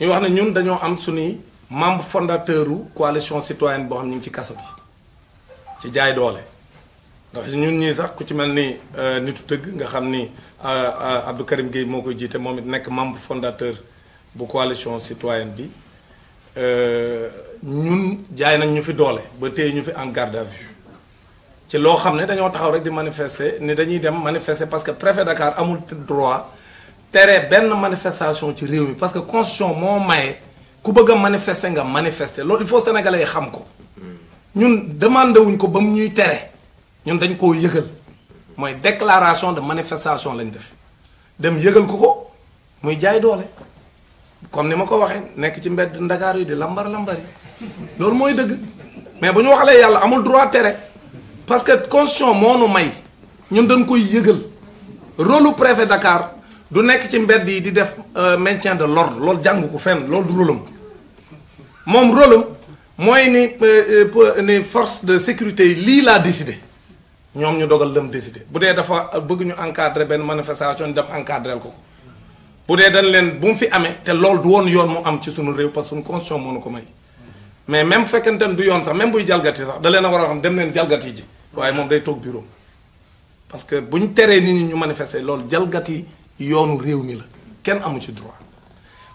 ñu wax ne ñun dañoo am suñuy membre fondateur u coalition citoyenne boo xam ñu ngi ci kaso bi ci jaay doole ndax ñun ñii sax ku ci mel ni euh, nitu tëgg nga xam ni euh, euh, Abdou Karim Gueye moo koy jiite moom it nekk membre fondateur bu coalition citoyenne bi ñun jaay nañ ñu fi doole ba téye ñu fi en garde à vue ci loo xam ne dañoo taxaw rek di manifester ni dañuy dem manifester parce que préfet Dakar amul droit tere benn manifestation ci réew mi parce que constitution moo maye ku bëgg a manifester nga manifester loolu il faut xam ko ñun demandé wuñ ko ba mu ñuy tere ñun dañ koo yëgal mooy déclaration de manifestation lañ def dem yëgal ko ko muy jaay doole kon ni ma ko waxee nekk ci mbedd ndakaar yi di lambari lambar yi loolu mooy dëgg mais bu ñu waxalee yàlla amul droit tere parce que constitution moo nu may ñun dañ koy yëgal rôle lu préfet Dakar. du nekk ci mbedd yi di def euh, maintien de l'ordre loolu jàng ko fenn loolu du rôlam moom rôlam mooy ni euh, euh, ni force de sécurité yi lii laa décidé ñoom ñu dogal lëm décidé bu dee dafa bëgg ñu encadrer benn manifestation ñu dem encadrel ko ko bu dee dañ leen bu mu fi amee te loolu du woon yoon mu am ci suñu réew parce que suñu constitution moo nu ko may mais même fekkente ne du yoon sax même buy jalgati sax da leen a war a xam dem leen jalgati ji waaye moom day toog bureau parce que bu teree nit ñi ñu manifester loolu jalgati yoonu réew mi la kenn amu ci droit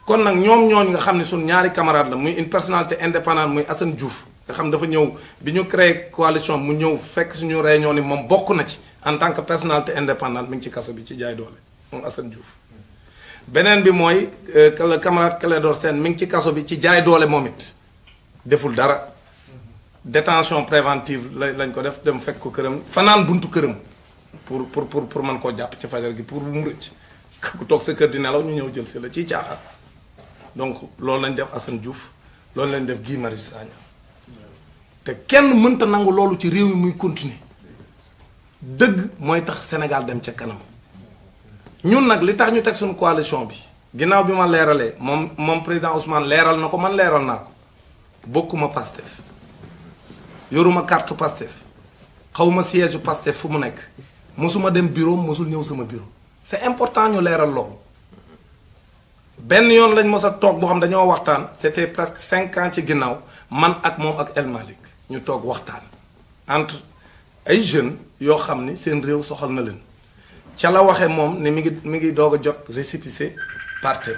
kon nag ñoom ñooñu nga xam ne suñ ñaari camarade la muy une personnalité indépendante muy Assane Diouf nga xam dafa ñëw bi ñu créé coalition mu ñëw fekk suñu réunion ni moom bokk na ci en tant que personnalité indépendante mi ngi ci kaso bi ci jaay doole moom Assane Diouf beneen bi mooy euh, mi ngi ci kaso bi ci jaay doole moom it deful dara détention préventive lañ ko def dem fekk ko këram fanaan buntu këram pour pour pour koo jàpp ci fajar gi pour mu rëcc ku toog sa kër di nelaw ñu ñëw jël si la ciy caaxaan donc loolu lañ def Assane Diouf loolu lañ def Guy Marius Sagna te kenn mënta nangu loolu ci réew mi muy continuer dëgg mooy tax Sénégal dem ca kanam ñun nag li tax ñu teg suñu coalition bi ginnaaw bi ma leeralee moom moom président Ousmane leeral na ko man leeral naa ko bokkuma Pastef yoruma carte Pastef xawma siège Pastef fu mu nekk mosuma dem bureau mosul ñëw sama bureau c'est important ñu leeral loolu benn yoon lañ mos a toog boo xam dañoo waxtaan c'était presque cinq ans ci ginnaaw man ak moom ak El ñu toog waxtaan entre ay jeunes yoo xam ni seen réew soxal na leen ca la waxee moom ni mi ngi mi ngi doog a jot récépissé parti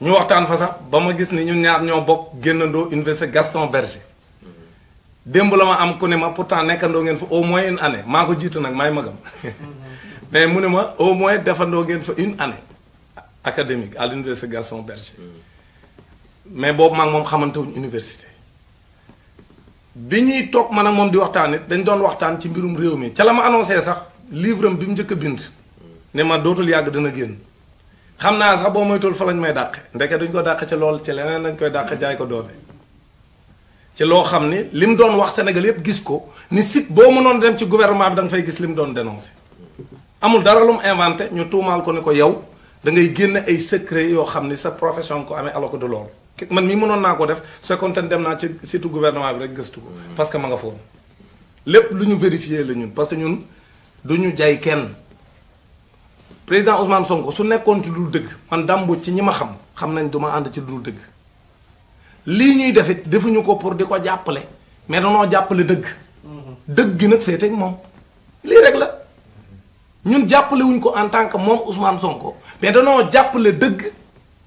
ñu waxtaan fa sax ba ma gis ni ñun ñaar ñoo bokk génnandoo université Gaston Berger démb la ma am ku ne ma pourtant nekkandoo ngeen fa au moins une année maa ko jiitu nag maay magam mhm. mais mu ne ma au moins defandoo ngeen fa une année académique à l'université Gaston Berger mm. mais boobu maa moom xamante université bi ñuy toog man ak moom di waxtaan it dañ doon waxtaan ci mbirum réew mi ca la ma annoncé sax livre am bi mu njëkk a bind mm. ne ma dootul yàgg dana génn xam naa sax boo moytuwul fa lañ may dàqe ndeke duñ ko dàq ci lool ci leneen lañ koy dàq mm. jaay ko doole ci loo xam ni li mu doon wax Sénégal yëpp gis ko ni site boo mënoon dem ci gouvernement bi da fay gis li mu doon dénoncé amul dara lu mu inventé ñu tuumaal ko ni ko yow da ngay génn ay secret yoo xam ni sa profession ko amee ala ko de loolu man mii mënoon naa ko def fekkoon dem naa ci site gouvernement bi rek gëstu ko parce que ma nga foofu lépp lu ñu vérifié la ñun parce que ñun du ñu jay kenn président Ousmane Sonko su nekkoon ci dul dëgg man dàmbu ci ñi ma xam xam nañ du ma ànd ci dul dëgg lii ñuy def it defuñu ko pour di ko jàppale mais danoo jàppale dëgg. dëgg gi nag féete ak moom lii rek la ñun jàppalewuñ ko en tant que moom Ousmane Sonko mais danoo jàppale dëgg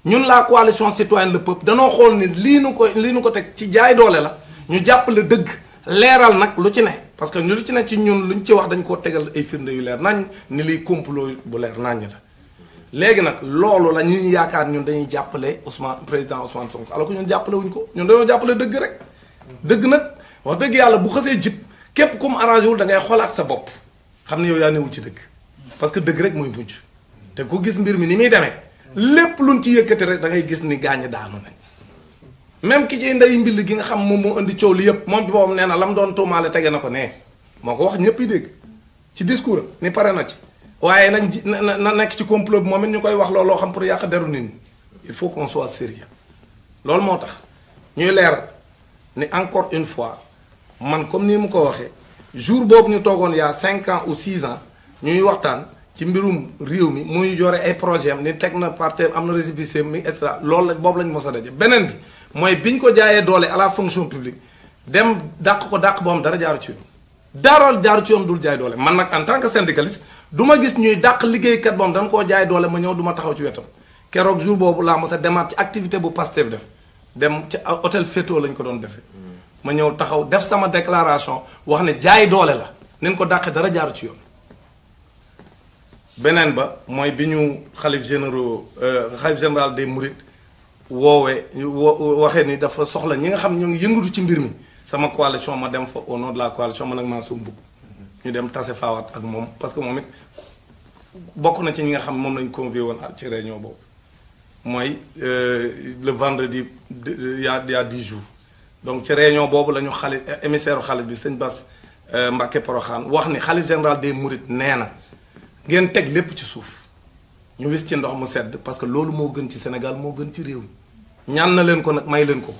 ñun la coalition citoyenne le peuple danoo xool ni lii nu ko lii nu ko teg ci jaay doole la ñu jàppale dëgg leeral nag lu ci ne parce que lu ci ne ci ñun luñ ci wax dañ koo tegal ay firnde yu leer nañ ni liy complot bu leer nañ la. léegi nag loolu la ñuy yaakaar ñun dañuy jàppale Ousmane président Ousmane Sonko alors que ñun jàppale wuñ ko ñun dañoo jàppale dëgg rek. dëgg nag wax dëgg yàlla bu xasee jib képp comme mu arrangé wul da ngay xoolaat sa bopp xam ne yow yaa newul ci dëgg parce que dëgg rek mooy mujj te ku gis mbir mi ni muy demee lépp luñ ci yëkkati rek da ngay gis ni gaañ daanu nañ. même ki ci nday mbill gi nga xam moom moo indi coow li yëpp moom bi nee na la mu doon tuumaale tege na ko nee moo ko wax ñëpp yi dégg ci discours ni pare na ci. waaye nag ji na na nekk ci complot bi moom it ñu koy wax loo xam pour yàq deru nit ñi il faut qu'on soit sérieux loolu moo tax ñuy leer ni encore une fois man comme nii mu ko waxee jour boobu ñu toogoon y'a cinq ans ou six ans ñuy waxtaan ci mbirum réew mi muy yore ay projet am ni teg na parti am na récépissé mi et cetera loolu la boobu lañ mos a daje beneen bi mooy bi ñu ko jaayee doole à la fonction publique dem dàq ko dàq boo am dara jaaru ci daarool jaar ci yoon dul jaay doole man nag en tant que syndicaliste du ma gis ñuy dàq liggéeykat boom dañ koo jaay doole ma ñëw duma ma taxaw ci wetam keroog jour boobu laa mos a demaat ci activité bu Pastef def dem ci hôtel Feto lañ ko doon defee. ma ñëw taxaw def sama déclaration wax ne jaay doole la nañ ko dàqe dara jaar ci yoon. beneen ba mooy bi ñu xalif généraux euh, xalif général des Mourides woowe waxee ni dafa soxla ñi nga xam ñoo ngi yëngatu ci mbir mi. sama coalition ma dem fa au nom de la coalition man ak Mansour Mboup ñu dem tase faawaat ak moom parce que moom it bokk na ci ñi nga xam moom lañ convié woon ak ci réunion boobu mooy euh, le vendredi il y jours donc ci réunion boobu la ñu xalif émissaire xalif bi sëñ bas euh, Mbacke Poroxaan wax ni xalif général des Mourides nee na ngeen teg lépp ci suuf ñu wis ci ndox mu sedd parce que loolu moo gën ci Sénégal moo gën ci réew ñaan na leen ko nag may leen ko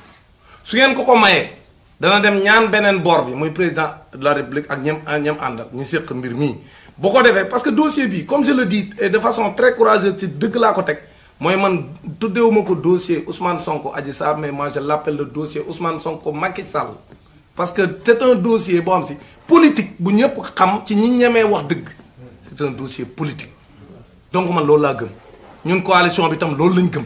su ngeen ko ko mayee dana dem ñaan beneen boor bi muy président de la république ak ñem ñem àndal ñu séq mbir mii boo ko defee parce que dossier bii comme je le dis et de façon très courageuse ci dëgg laa ko teg mooy man tuddewuma ko dossier Ousmane Sonko Adji Sarr mais moi je l'appelle le dossier Ousmane Sonko Macky Sall parce que c'est un dossier boo xam si politique bu ñëpp xam ci ñi ñemee wax dëgg c'est un dossier politique donc man loolu laa gëm ñun coalition bi tam loolu lañ gëm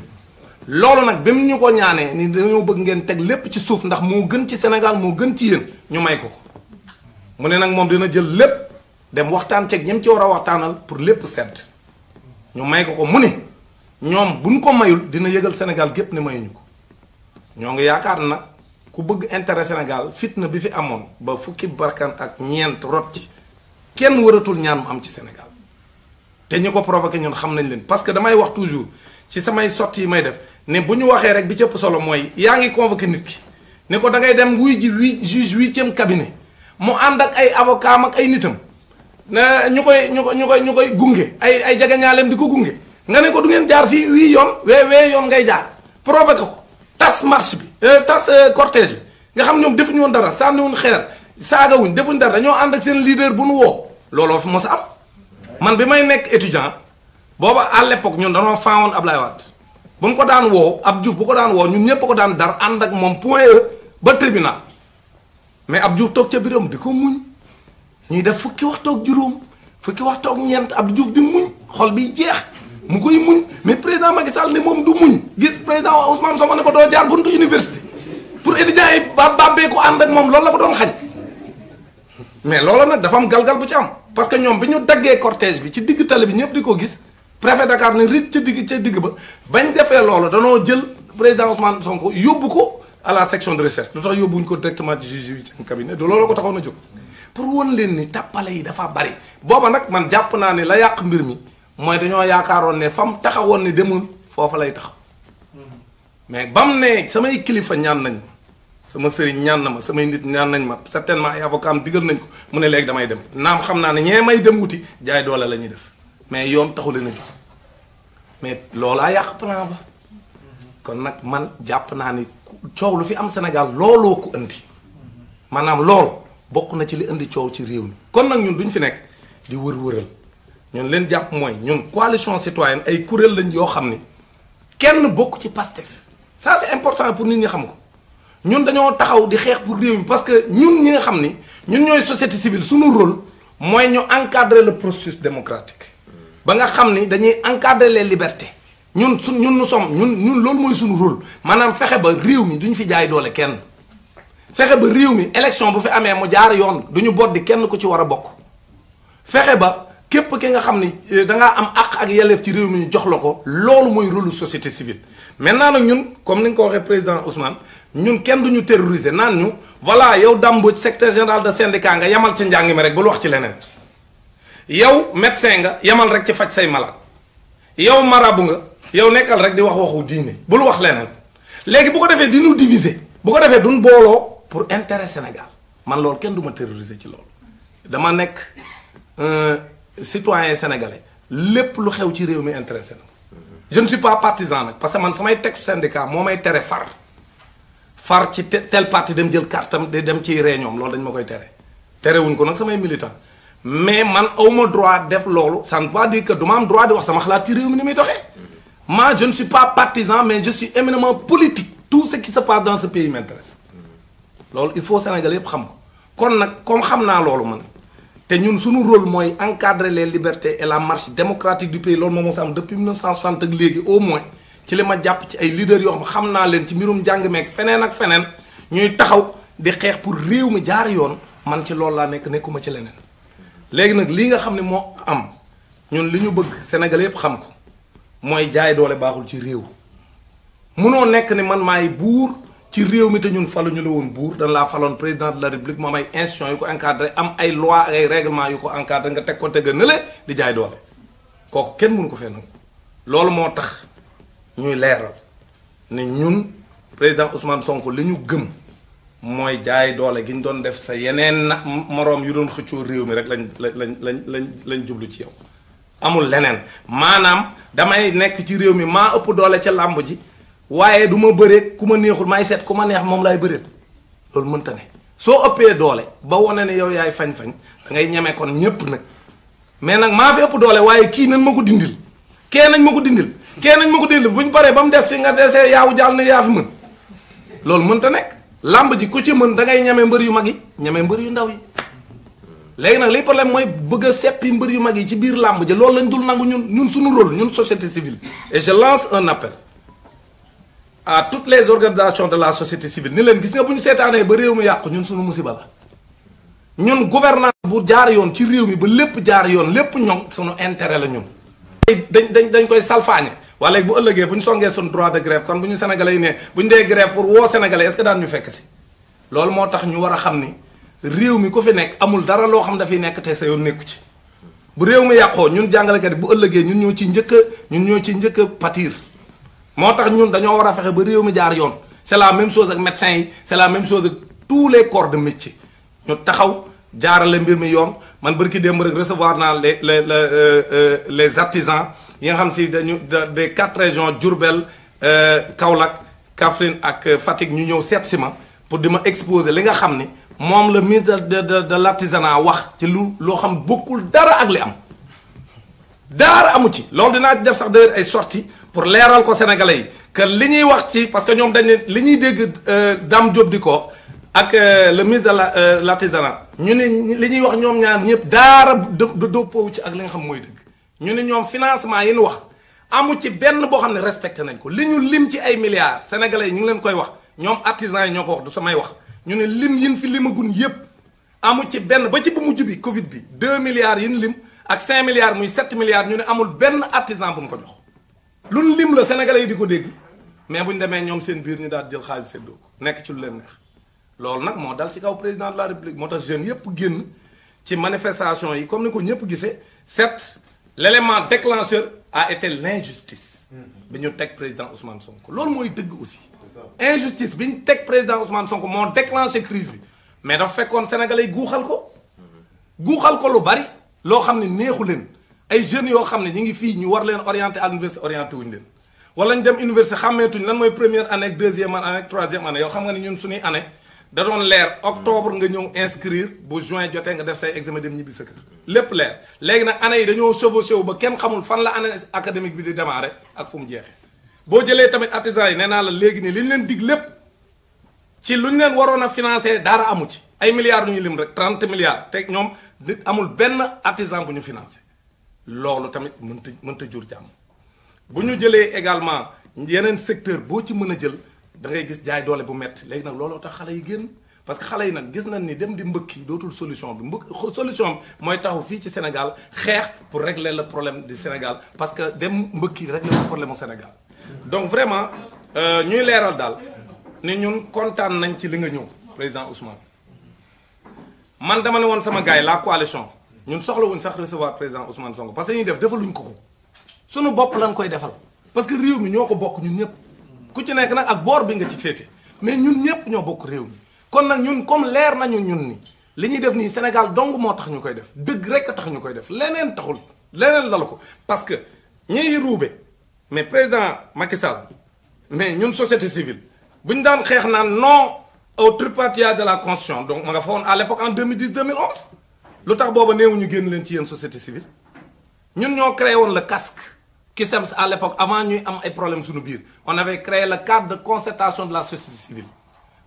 loolu nag bi mu ñu ko ñaanee ni dañoo bëgg ngeen teg lépp ci suuf ndax moo gën ci Sénégal moo gën ci yën ñu may ko mu ne nag moom dina jël lépp dem waxtaan ceeg ñam war a waxtaanal pour lépp sedd ñu may ko ko mu ne ñoom buñ ko mayul dina yëgal Sénégal gépp ne mayuñu ko ñoo ngi yaakaar nag ku bëgg intere Sénégal fitna bi fi amoon ba fukki barkan ak ñeent rot ci kenn wëratul ñaan mu am ci Sénégal te ñu ko provoqué ñun xam nañ leen parce que damay wax toujours ci samay sotti yi may def ne bu ñu waxee rek bi cëpp solo mooy yaa ngi convoqué nit ki ne ko da ngay dem wuy ji huit juge huitième cabinet mu ànd ak ay avocat am ak ay nitam ñu koy ñu koy ñu koy gunge ay ay jagañaaleem di ko gunge nga ne ko du ngeen jaar fii wii yoon wee wee yoon ngay jaar provoqué ko tas marche bi euh, tas euh, cortège bi nga xam ñoom defuñu woon dara sànniwuñ xeer saagawuñ defuñ dara dañoo ànd ak seen leader bu nu woo looloo fi mos a am man bi may nekk étudiant booba à ñun dañoo faawoon Ablaye ba mu ko daan woo ab Diouf bu ko daan woo ñun ñëpp ko daan dar ànd ak moom point e ba tribunal mais ab Diouf toog ca biram di ko muñ ñuy def fukki waxtoog juróom fukki waxtu ak ñeent ab Diouf di muñ xol bi jeex mu koy muñ mais président Macky Sall ne moom du muñ gis président waa Ousmane Sonko ne ko doo jaar buntu université pour étudiants yi ba bàbbee ko ànd ak moom loolu la ko doon xañ mais loolu nag dafa am galgal bu ci am parce que ñoom bi ñu daggee cortège bi ci digg tali bi ñëpp di ko gis préfet Dakar ne rëcc ca digg ca digg ba bañ defee loolu danoo jël président Ousmane Sonko yóbbu ko à la section de recherche lu tax yóbbuwuñ ko directement ci juge yi seen cabinet de loolu ko taxoon a jóg pour won leen ni tappale yi dafa bari booba nag man jàpp naa ne la yàq mbir mi mooy dañoo yaakaaroon ne fam taxawoon ne demul foofu lay taxaw mais bam ne samay kilifa ñaan nañ sama sëriñ ñaan na ma samay nit ñaan nañ ma certainement ay avocat am digal nañ ko mu ne léegi damay dem naam xam naa ne ñee may dem wuti jaay doole la ñuy def mais yoon taxu leen a mais loolaa yàq plan ba kon nag man jàpp naa ni coow lu fi am Sénégal looloo ko indi maanaam loolu bokk na ci li indi coow ci réew mi kon nag ñun duñ fi nekk di wër-wëral ñun leen jàpp mooy ñun coalition citoyenne ay kuréel lañ yoo xam ni kenn bokk ci Pastef ça c'est important pour nit ñi xam ko ñun dañoo taxaw di xeex bu réew mi parce que ñun ñi nga xam ni ñun ñooy société civile suñu rôle mooy ñu encadrer le processus démocratique ba nga xam ni dañuy encadrer les libertés ñun suñ ñun nous sommes ñun ñun loolu mooy suñu rôle maanaam fexe ba réew mi duñ fi jaay doole kenn fexe ba réew mi élection bu fi amee mu jaar yoon duñu boddi kenn ku ci war a bokk fexe ba képp ki nga xam ni eh, dangaa am àq ak yelleef ci réew mi ñu jox la ko loolu mooy rôle société civile maintenant na ñun comme ni nga ko waxee président Ousmane ñun kenn duñu terroriser naan ñu voilà yow Dame Mbodj secrétaire général de syndicat nga yamal ci njàng mi rek bul wax ci leneen yow médecin nga yamal rek ci faj say mala yow marabu nga yow nekkal rek di wax waxu diine bul wax leneen léegi bu ko defee dinu nu diviser bu ko defee dun booloo pour intérêt Sénégal man loolu kenn du ma terroriser ci loolu dama nekk un citoyen sénégalais lépp lu xew ci réew mi intéressé na je ne suis pas partisan nag parce que man samay texte syndicat moo may tere far far ci tel parti dem jël kartam di dem ci réunion loolu dañ ma koy tere terewuñ ko nag samay militant mais man awma droit def loolu ça ne veut pas dire que duma am droit di wax sama xalaat ci réew mi ni muy doxee moi je suis pas partisan mais je suis éminemment politique tout ce qui se passe dans ce pays m'intéresse loolu il faut Sénégal yëpp xam ko kon nag comme xam naa loolu man te ñun sunu rôle mooy encadrer les libertés et la marche démocratique du pays loolu moom moo si am depuis 1960 ak léegi au moins ci li ma jàpp ci ay leaders yoo xam xam naa leen ci mbirum njàng meeg feneen ak taxaw di xeex pour réew mi jaar yoon man ci loolu laa nekk nekkuma ci leneen léegi nag lii nga xam ne moo am ñun li ñu bëgg Sénégalais yëpp xam ko mooy jaay doole baaxul ci réew noo nekk ni man maay buur ci réew mi te ñun faluñu la woon buur dañ laa faloon président de la république moom ay institutions yu ko encadré am ay loi ay règlement yu ko encadré nga teg ko teg a nële di jaay doole kooku kenn mënu ko fee loolu moo tax ñuy leeral ne ñun président Ousmane Sonko li ñu gëm. mooy jaay doole gi ñu doon def sa yeneen na moroom yu doon xëccoo réew mi rek lañ lañ lañ lañ lañ jublu ci yow amul leneen maanaam damay nekk ci réew mi maa ëpp doole ca làmb ji waaye du ma bëreeg ku ma neexul maay seet ku ma neex moom laay bëreet loolu mënta ne soo ëppee doole ba wane ne yow yaay fañ-fañ da ngay ñeme kon ñépp nag mais nag maa fi ëpp doole waaye kii nañ ma ko dindil kee nañ ma ko dindil kee nañ ma ko dindil bu ñu ba mu des fi nga desee yaawu jàll ne yaa fi mën loolu mënta nekk làmb ji ku ci mën dangay ngay ñame mbër yu mag yi ñame mbër yu ndaw yi léegi nag liy problème mooy bëgg a seppi mbër yu mag yi ci biir làmb ji loolu lañ dul nangu ñun ñun suñu rôle ñun société civile et je lance un appel à toutes les organisations de la société civile ni leen gis nga bu ñu seetaanee ba réew mi yàqu ñun suñu musiba la ñun gouvernance bu jaar yoon ci réew mi ba lépp jaar yoon lépp ñoŋ suñu intérêt la ñun dañ dañ dañ koy salfaañe waa léegi bu ëllëgee bu ñu songee suñ droit de grève kon bu ñu sénégalais yi ne bu ñu dee grève pour woo sénégalais est-ce daan ñu fekk si loolu moo tax ñu war a xam ni réew mi ku fi nekk amul dara loo xam dafiy nekk te sa yoon nekku ci bu réew mi yàqoo ñun jàngalekat yi bu ëllëgee ñun ñoo ci njëkk ñu ñoo ci njëkk a patir moo tax ñun dañoo war a fexe ba réew mi jaar yoon c'est la même chose ak médecins yi c'est la même chose ak tous les corps de ñu taxaw jaarale mbir mi yoon man bërki démb rek recevoir naa les les les euh, euh, artisans yi nga xam si dañu des quatre régions Diourbel euh, Kaolack Kaffrine ak euh, Fatick ñu ñëw seet si ma pour di ma exposer li nga xam ni moom la mise de de de l'artisanat wax ci lu loo xam bokkul dara ak li am dara amu ci loolu dinaa def sax d'ailleurs ay sorties pour leeral ko sénégalais yi que li ñuy wax ci parce que ñoom dañ ne li ñuy dégg euh, Dame Diop di ko ak le ministre de l'artisanat ñu ne li ñuy wax ñoom ñaan ñëpp dara dë dëppoo ci ak li nga xam mooy dëgg. ñu ne ñoom financement yi ñu wax amu ci benn boo xam ne respecté nañ ko li ñu lim ci ay milliards sénégalais yi ñu ngi leen koy wax ñoom artisans yi ñoo ko wax du samay wax ñu ne lim yin fi limagun yépp amu ci benn ba ci bu mujj bi Covid bi 2 milliards yin lim ak 5 milliards muy 7 milliards ñu ne amul benn artisan bu ñu ko jox. luñ lim la sénégalais yi di ko dégg mais bu ñu demee ñoom seen biir ñu daal jël xaalis séddoo ko nekk ci lu leen neex loolu nag moo dal ci kaw président de la république moo tax jeunes yëpp génn ci manifestation yi comme ni ko ñëpp gisee set. l'élément déclencheur a été l'injustice bi ñu teg président Ousmane Sonko loolu mooy dëgg aussi injustice bi ñu teg président Ousmane Sonko moo déclenché crise bi mais dafa fekkoon sénégalais guuxal ko guuxal ko lu bari loo xam ne neexu leen ay jeunes yoo xam ne ñi ngi fii ñu war leen orienté à l'université orienté wuñu leen wala ñu dem université xàmmeetuñ lan mooy première année deuxième année troisième année yow xam nga ne ñun suñuy année da leer octobre nga ñëw inscrire bu juin jotee nga def say examen dem ñibbi sa lépp leer léegi nag année yi dañoo chevauché wu ba kenn xamul fan la année académique bi di démarré ak fu mu jeexee boo jëlee tamit artisan yi nee naa la léegi nii li ñu leen dig lépp ci lu ñu leen waroon a financé dara amu ci ay milliards ñu lim rek 30 milliards te ñoom amul benn artisan bu ñu financé loolu tamit mënta mënta jur jàmm bu ñu jëlee également yeneen secteur boo ci mën a jël da ngay gis jaay doole bu metti léegi nag looloo tax xale yi génn parce que xale yi nag gis nañ ni dem di mbëkk yi dootul solution bi mbëkk solution bi mooy taxu fii ci Sénégal xeex pour régler la problème di Sénégal parce que dem mbëkk yi régler le problème au Sénégal. donc vraiment euh, ñuy leeral daal ni ñun kontaan nañ ci li nga ñëw président Ousmane man dama ne woon sama gars yi la coalition ñun soxlawuñ sax recevoir président Ousmane Sonko parce que ñuy def defaluñ ko ko sunu bopp koy defal parce que réew mi ñoo ko bokk ñëpp. ku ci nekk nag ak boor bi nga ci féete mais ñun ñëpp ñoo bokk réew mi kon nag ñun comme leer nañu ñun ni li ñuy def nii Sénégal dong moo tax ñu koy def dëgg rek tax ñu koy def leneen taxul leneen lal ko parce que ñiy ruube mais président Macky Sall mais ñun société civile bu ñu daan xeex naan non au tripatouillage de la constitution donc ma nga fa woon à l'époque en 2010 2011 lu tax booba néewuñu génn leen ci yéen société civile ñun ñoo créé woon le casque CUSEMS à l'époque avant ñuy am ay problème suñu biir on avait créé le cadre de concertation de la société civile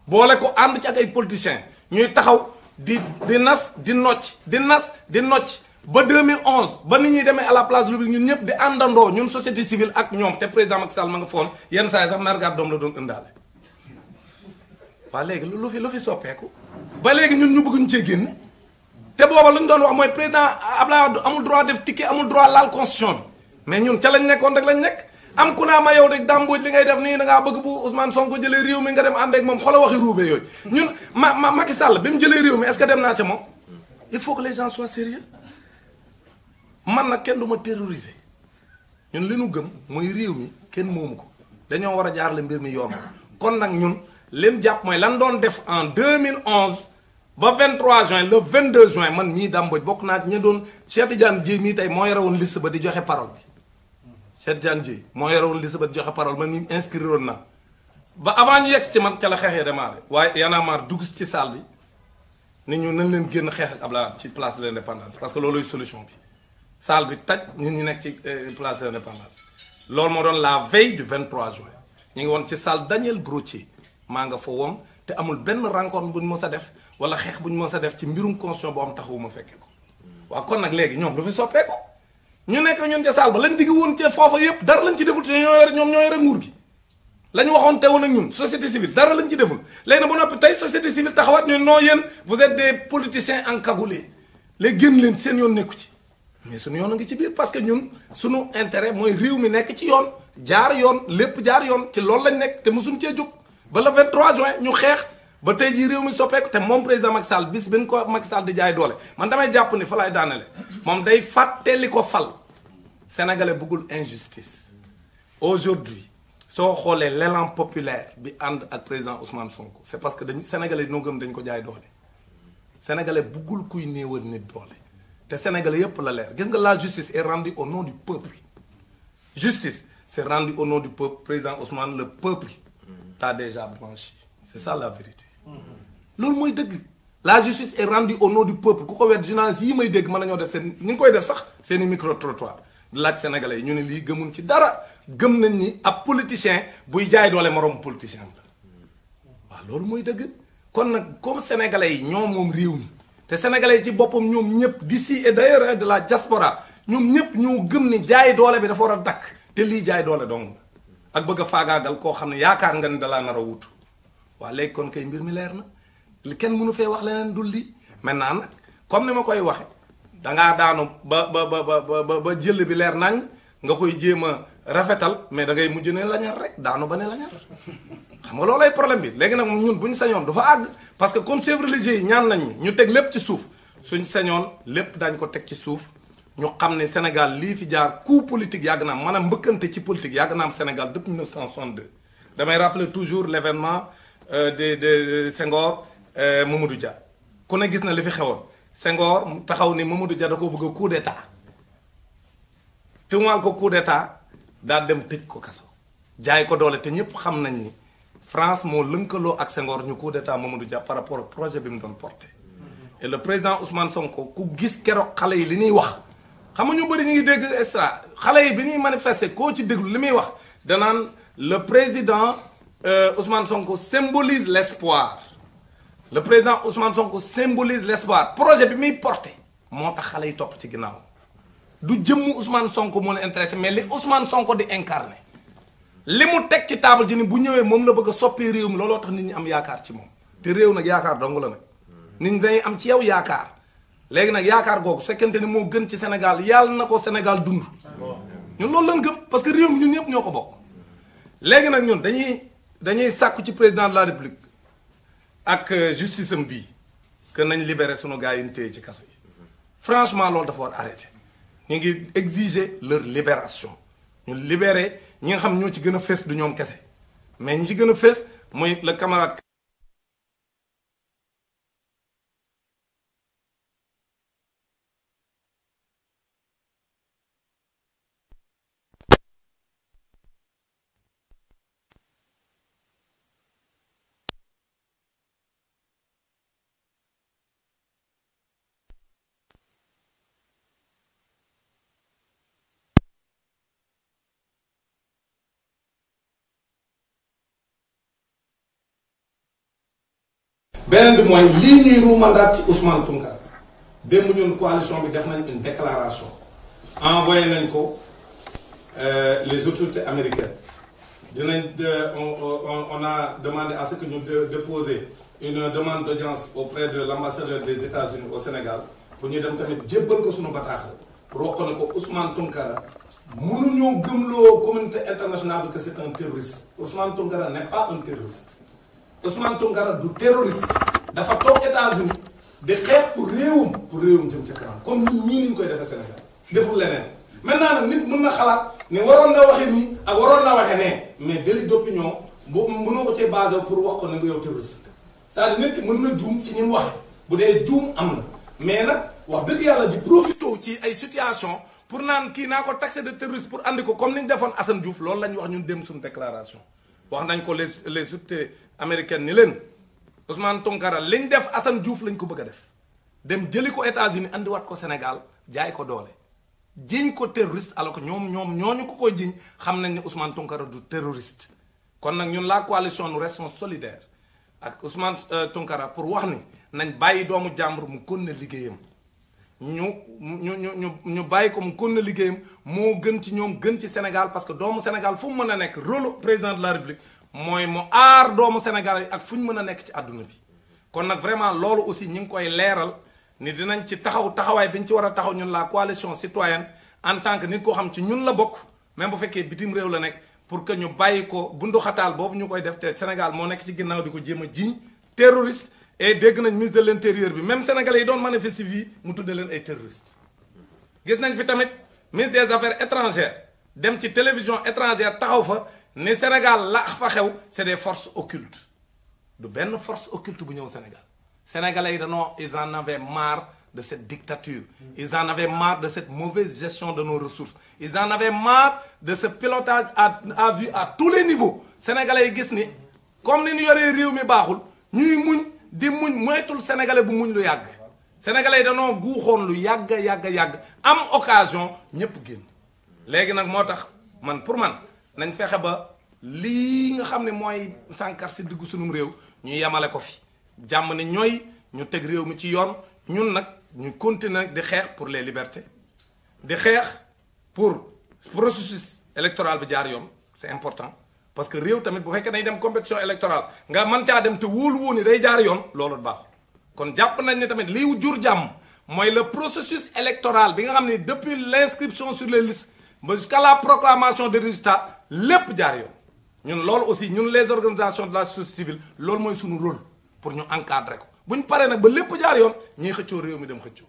boole ko ànd ci ak ay politiciens ñuy taxaw di di nas di nocc di nas di nocc ba 2011 ba ni ñuy demee à la place publique ñun ñëpp di àndandoo ñun société civile ak ñoom te président Macky Sall ma nga foon yenn saa yi sax nargaat doom la doon ëndaale waa léegi lu fi lu fi soppeeku ba léegi ñun ñu bëgg ñu cee génn te booba lu ñu doon mooy président Abdoulaye Wade amul droit def ticket amul droit laal constitution bi mais ñun ca lañ nekkoon rek lañ nekk am ku naa ma yow rek dàmbuj li ngay def nii da ngaa bëgg bu Ousmane Sonko jëlee réew mi nga dem ànd ak moom xoola waxi ruube yooyu ñun ma ma Macky Sall bi mu jëlee réew mi est-ce que dem naa ca moom il faut que les gens soient sérieux man nag kenn du ma terroriser ñun li nu gëm mooy réew mi kenn moomu ko dañoo war a jaarale mbir mi yoon kon nag ñun leen jàpp mooy lan doon def en 2011 ba 23 juin le 22 juin man mii dàmbuj bokk naa ña doon Cheikh Tidiane Dièye mii tey moo yore ba di joxe parole bi Cheikh Tidiane Dièye moo yorewoon li sabat joxe parole man ñu inscrire woon naa ba avant ñu yegg ci man ca la xeexee démarré waaye Y en a ci salle bi ni ñu nañ leen génn xeex ak Abdoulaye ci place de l' parce que loolooy solution bi salle bi taj ñun ñu nekk ci euh, place de l' loolu moo doon la veille du 23 juin ñu ngi woon ci salle Daniel Brottier maa nga fa woon te amul benn rencontre buñ mës a def wala xeex buñ mës a def ci mbirum constitution boo am taxawuma fekkee ko waaw kon nag léegi ñoom du fi soppeeku. ñu nekk ñun ca saal ba lañ digg woon ca foofu yëpp dara lañ ci deful te ñoo yore ñoom ñoo yore nguur gi lañ waxoon teewoon ak ñun société civile dara lañ ci deful léegi nag ba noppi tey société civile taxawaat ñu non yéen vous êtes des politiciens encagoulés léegi génn leen seen yoon nekku ci mais suñu yoon a ngi ci biir parce que ñun suñu intérêt mooy réew mi nekk ci yoon jaar yoon lépp jaar yoon ci loolu lañ nekk te mosuñ cee jóg ba le 23 juin ñu xeex ba tey jii réew mi soppeeku te moom président Macky Sall bis benn ko Macky Sall di jaay doole man damay jàpp ni fa lay moom day fàtte li ko fal sénégalais bëggul injustice aujourd'hui soo xoolee l'élan populaire bi ànd ak président Ousmane Sonko c'est parce que dañ sénégalais noo gëm dañ ko jaay doole sénégalais bëggul kuy néewal nit doole te sénégalais yépp la leer gis nga la justice et rendue au nom du peuple justice c'est rendu au nom du peuple président Ousmane le peuple t'a déjà blanchi c'est ça la vérité loolu mooy dëgg la justice est rendue au nom du peuple ku ko wet journaliste yi may dégg mën nañoo def seen ñu ngi koy def sax seen i micro trottoir laaj sénégalais yi ñu ne lii gëmun ci dara gëm nañ ni ab politicien buy jaay doole moroom politicien am la waaw loolu mooy dëgg kon nag comme sénégalais yi ñoo moom réew mi te sénégalais yi ci boppam ñoom ñëpp d'ici et d'ailleurs de la jaspora ñoom ñëpp ñoo gëm ni jaay doole bi dafa war a dakk te jaay doole dong ak bëgg faagaagal koo xam ne yaakaar nga ni dalaa nar a wutu waa léegi kon kay mbir mi leer na li kenn mënu fee wax leneen dul lii maintenant nag comme ni ma koy waxe dangaa daanu ba ba ba ba ba jël bi leer nañ nga koy jéem a rafetal mais da ngay mujj ne lañar rek daanu ba ne lañar xam nga loolay problème bi léegi nag ñun bu ñu sañoon du fa àgg parce que comme chefs religieux yi ñaan nañ ñu teg lépp ci suuf suñ sañoon lépp daañ ko teg ci suuf ñu xam ne Sénégal lii fi jaar coup politique yàgg naa am maanaam mbëkkante ci politique yàgg na am Sénégal depuis toujours l'événement Euh, de de Senghor euh, Mamadou Dia ku ne gis na li fi xewoon Senghor taxaw ni Mamadou Dia da ko bëgg a coup d'état tuumaal ko coup d'état daal dem tëj ko kaso jaay ko doole te ñëpp xam nañ ni France moo lënkaloo ak sengoor ñu coup d'état Mamadou Dia par rapport au projet bi mu doon porté le président Ousmane Sonko ku gis keroog xale yi li ñuy wax xam nga ñu bëri ñu ngi dégg extra xale yi bi ñuy manifester koo ci déglu li muy wax danaan le président. euh, Ousmane Sonko symbolise l'espoir le président Ousmane Sonko symbolise l'espoir projet bi muy porté moo tax xale yi topp ci ginnaaw du jëmm Ousmane Sonko moo la intéressé mais li Ousmane Sonko di incarné li mu teg ci taabal ji ni bu ñëwee moom la bëgg a soppi réew mi looloo tax nit ñi am yaakaar ci moom te réew nag yaakaar dong la nag nit ñi dañuy am ci yow yaakaar léegi nag yaakaar googu fekkente ni moo gën ci Sénégal yàlla na ko Sénégal dund ñu loolu lañ gëm parce que réew mi ñun ñoo ko bokk léegi nag ñun dañuy dañuy sàkku ci président de la république ak euh, justice bi bii que nañ libéré sunu gars yi ñu téye ci kaso yi franchement lool dafa war arrêté ñu ngi exiger leur libération ñu libéré ñi nga xam ñoo ci gën a fés du ñoom kese mais ñu ci gën a fés mooy le camarade beneen bi mooy lii ñuy ruumandaat ci Ousmane Tounkara démb ñun coalition bi def nañ une déclaration envoyé nañ ko euh, les autorités américaines dinañ un euh, a demandé à ce que ñu déposer une demande d'audience auprès de l'ambassadeur des États-Unis au Sénégal pour ñu dem tamit jébbal ko suñu bataaxal rokk na ko Ousmane Tounkara mënuñoo gëmloo communauté internationale bi que c'est un terroriste Ousmane Tounkara n'est pas un terroriste Ousmane Tounkara du terroriste dafa toog États-Unis di xeex pour réewum pour réewum jëm ca comme ñun ñii ni koy defee Sénégal deful leneen maintenant nag nit mun na xalaat ne waroon na waxee nii ak waroon na waxee ne mais délit d'opinion bu mënoo ko cee basé pour wax ko ne nga yow terroriste c'est-à-dire nit mën na juum ci ñi mu waxe bu dee juum am na mais nag wax dëgg yàlla di profité ci ay situation pour naan kii naa ko taxé de terroriste pour andi ko ñu defoon Assane Diouf loolu la ñu wax ñun dem suñu déclaration wax nañ ko les les américaine ni leen Ousmane Tounkara liñ def Assane Diouf lañ ko bëgg a def dem jëli ko États-Unis andiwaat ko Sénégal jaay ko doole jiñ ko terroriste alors que ñoom ñoom ñooñu ko koy jiñ xam nañ ne Ousmane Tounkara du terroriste kon nag ñun la coalition nous restons solidaire ak Ousmane euh, Tounkara pour wax ni nañ bàyyi doomu jàmbur mu kon na liggéeyam ñu ñu ñu ñu bàyyi ko mu kon na liggéeyam moo gën ci ñoom gën ci Sénégal parce que doomu Sénégal fu mu mën a nekk rôle président la République mooy mu aar doomu Sénégal yi ak fu ñu mën a nekk ci àdduna bi kon nag vraiment loolu aussi ñu ngi koy leeral ni dinañ ci taxaw taxawaay bi ñu ci war a taxaw ñun la coalition citoyenne en tant que nit koo xam ci ñun la bokk même bu fekkee bitim réew la nekk pour que ñu bàyyi ko bunduxataal boobu ñu koy def te Sénégal moo nekk ci ginnaaw di ko jéem a jiiñ terroriste et dégg nañ ministre de l'intérieur bi même sénégalais yi doon manifester fii mu tudde leen ay terroriste gis nañ fi tamit ministre des affaires étrangères dem ci télévision étrangère taxaw fa ni Sénégal la fa xew c' est des forces occultes du benn force occulte bu ñëw Sénégal sénégalais yi danoo ils en avaient marre de cette dictature ils en avaient marre de cette mauvaise gestion de nos ressources ils en avaient marre de ce pilotage à à vue à tous les niveaux sénégalais yi gis ni comme ni nu yoree réew mi baaxul ñuy muñ di muñ moytul sénégalais bu muñ lu yàgg sénégalais yi danoo guuxoon lu yàgg yàgg yàgg am occasion ñëpp génn léegi nag moo tax man pour man nañ fexe ba lii nga xam ne mooy sànkar si diggu sunum réew ñu yemale ko fi jàmm ne ñooy ñu teg réew mi ci yoon ñun nag ñu continuer di xeex pour les libertés di xeex pour processus électoral bi jaar yoon c'est important parce que réew tamit bu fekkee day dem compétition électorale nga man caa dem te wóolu wóoni day jaar yoon loolu baax kon jàpp nañ ne tamit liy jur jàmm mooy le processus électoral bi nga xam ne depuis l'inscription sur les listes ba jusqu'à la proclamation des lépp jaar yoon ñun loolu aussi ñun les organisations de la société civile loolu mooy suñu rôle pour ñu encadrer ko bu ñu paree nag ba lépp jaar yoon ñuy xëccoo réew mi dem xëccoo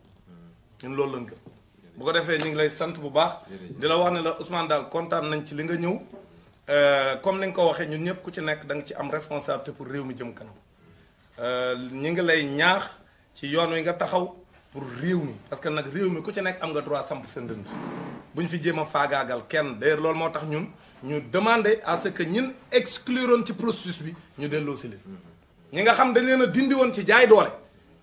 ñun loolu lañ gëm bu ko defee ñu ngi lay sant bu baax di wax ne la Ousmane daal kontaan nañ ci li nga ñëw euh, comme ni nga ko waxee ñun ñëpp ku ci nekk da nga ci am responsabilité pour réew mi jëm kanam euh, ñu ngi lay ñaax ci yoon wi nga taxaw pour réew mi parce que nag réew mi ku ci nekk am nga droit samp sa ndënd bu ñu fi jéem a faagaagal kenn d'ailleurs loolu moo tax ñun ñu demander à ce que ñin woon ci processus bi ñu delloo si leen ñi nga xam dañ leen a dindi woon ci jaay doole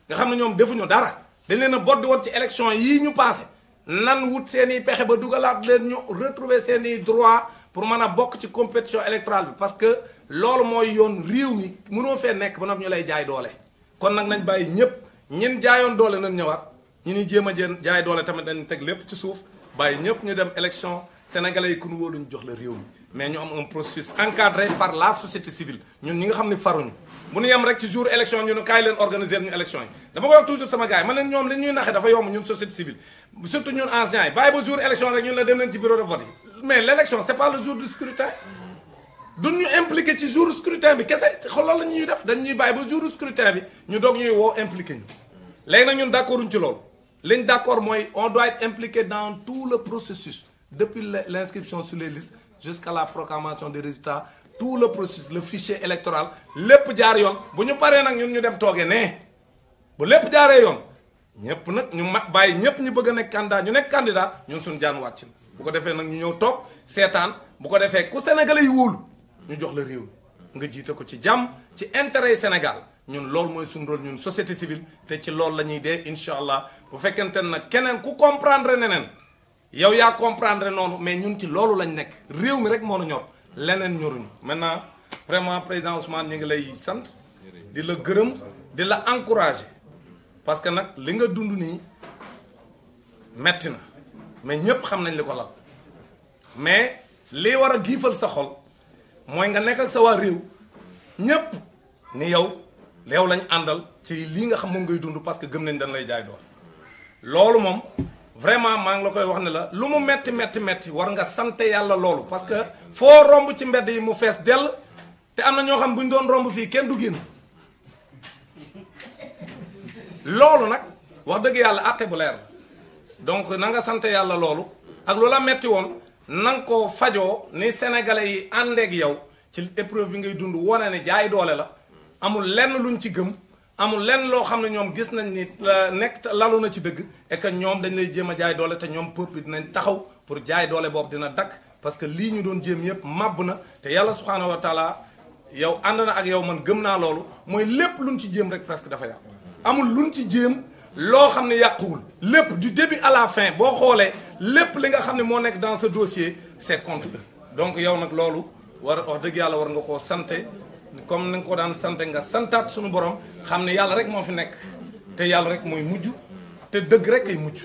nga xam ne ñoom defuñu dara dañ leen a boddi woon ci élection yii ñu passé nan wut seeni pexe ba dugalaat leen ñu retrouver seen i droit pour mën a bokk ci compétition électorale bi parce que loolu mooy yoon réew mi mënoo fee nekk ba noppi ñu lay jaay doole ñin jaayoon doole nañ ñëwaat ñu ni jéem a jéem jaay doole tamit dañ teg lépp ci suuf bàyyi ñëpp ñu dem élection sénégalais yi ku ñu wóolu ñu jox la réew mi mais ñu am un processus encadré par la société civile ñun ñi nga xam ne faruñu bu ñu yem rek ci jour élection ñu ne kaay leen organiser ñu élection yi dama koy wax toujours sama gars yi man leen ñoom li ñuy naxe dafa yomb ñun société civile surtout ñun anciens bàyyi ba jour élection rek ñun la dem leen l' élection c' ñu impliqué ci jour scrutin bi kese xoolal la ñuy def dañ ñuy bàyyi ba jour scrutin bi ñu doog ñuy woo impliqué ñu léegi nag ñun d' accorduñ ci loolu li ñu d' accord mooy on doit impliqué dans tout le processus depuis l' inscription sur les listes jusqu'à la proclamation de résultats tout le processus le fichier électoral lépp jaar yoon bu ñu paree nag ñun ñu dem toogee nee bu lépp jaaree yoon ñëpp nag ñu ma bàyyi ñëpp ñu bëgg a nekk candidat ñu nekk candidat ñun suñu jaan wàcc na bu ko defee nag ñu ñëw toog seetaan bu ko defee ku sénégalais yi wóolu ñu jox la réew nga jiite ko ci jàmm ci intérêt Sénégal. ñun loolu mooy suñu ñun société civile te ci loolu la ñuy dee incha allah bu fekkente ne nag keneen ku comprendre neneen yow yaa comprendre noonu mais ñun ci loolu lañ nekk réew mi rek moo nu ñor leneen ñoruñu maintenant vraiment président Ousmane ñu ngi lay sant di la gërëm di la encourager parce que nag li nga dund nii metti na mais ñëpp xam nañ li ko lal mais li war a giifal sa xol mooy nga nekk ak sa waa réew ñëpp ni yow. leew lañ àndal ci lii nga xam mu ngay dund parce que gëm nañ dañ lay jaay doon loolu moom vraiment maa ngi la koy wax ne la lu mu metti metti metti war nga sant yàlla loolu parce que foo romb ci mbedd yi mu fees dell te am na ñoo xam bu ñu doon romb fii kenn du génn loolu nag wax dëgg yàlla àtte bu leer la donc na nga sant yàlla loolu ak lu la metti woon na nga ko fajoo ni sénégalais yi àndeek yow ci épreuve bi ngay dund wane ne jaay doole la amul lenn luñ ci gëm amul lenn loo xam ne ñoom gis nañ ni nekk lalu na ci dëgg et ñoom dañ lay jéem a jaay doole te ñoom peuple bi dinañ taxaw pour jaay doole boobu dina dakk parce que lii ñu doon jéem yëpp màbb na te yàlla subhaanahu wa taala yow ànd na ak yow man gëm naa loolu mooy lépp lu luñ ci jéem rek presque dafa yàqu amul luñ ci jéem loo xam ne yàquwul lépp du début à la fin boo xoolee lépp li nga xam ne moo nekk dans ce dossier c'est contre eux donc yow nag loolu war dëgg yàlla war nga koo sante comme ni nga ko daan sante nga santaat suñu borom xam ne yàlla rek moo fi nekk te yàlla rek mooy mujj te dëgg rek ay mujj